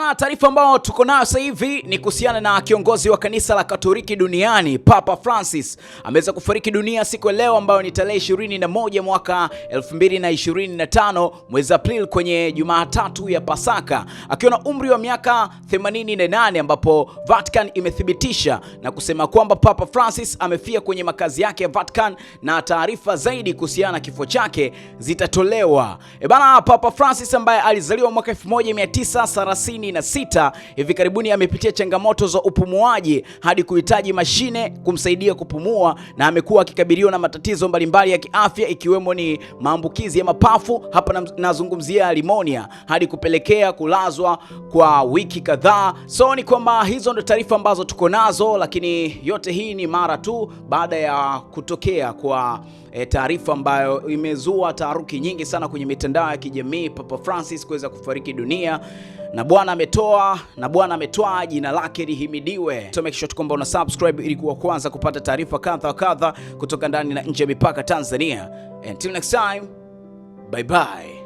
Bana, taarifa ambayo tuko nayo sasa hivi ni kuhusiana na kiongozi wa kanisa la Katoliki duniani Papa Francis ameweza kufariki dunia siku ya leo ambayo ni tarehe 21 mwaka 2025 mwezi Aprili kwenye Jumatatu ya Pasaka akiwa na umri wa miaka 88, ambapo Vatican imethibitisha na kusema kwamba Papa Francis amefia kwenye makazi yake ya Vatican na taarifa zaidi kuhusiana na kifo chake zitatolewa. E bana, Papa Francis ambaye alizaliwa mwaka 1930 2006 hivi karibuni amepitia changamoto za upumuaji hadi kuhitaji mashine kumsaidia kupumua na amekuwa akikabiliwa na matatizo mbalimbali ya kiafya ikiwemo ni maambukizi ya mapafu, hapa nazungumzia limonia, hadi kupelekea kulazwa kwa wiki kadhaa. So ni kwamba hizo ndo taarifa ambazo tuko nazo, lakini yote hii ni mara tu baada ya kutokea kwa e, taarifa ambayo imezua taharuki nyingi sana kwenye mitandao ya kijamii, Papa Francis kuweza kufariki dunia na bwana Bwana ametoa na Bwana ametoa, jina lake lihimidiwe. So make sure kwamba una subscribe ili kuwa kwanza kupata taarifa kadha kadha kutoka ndani na nje ya mipaka Tanzania. Until next time, bye bye.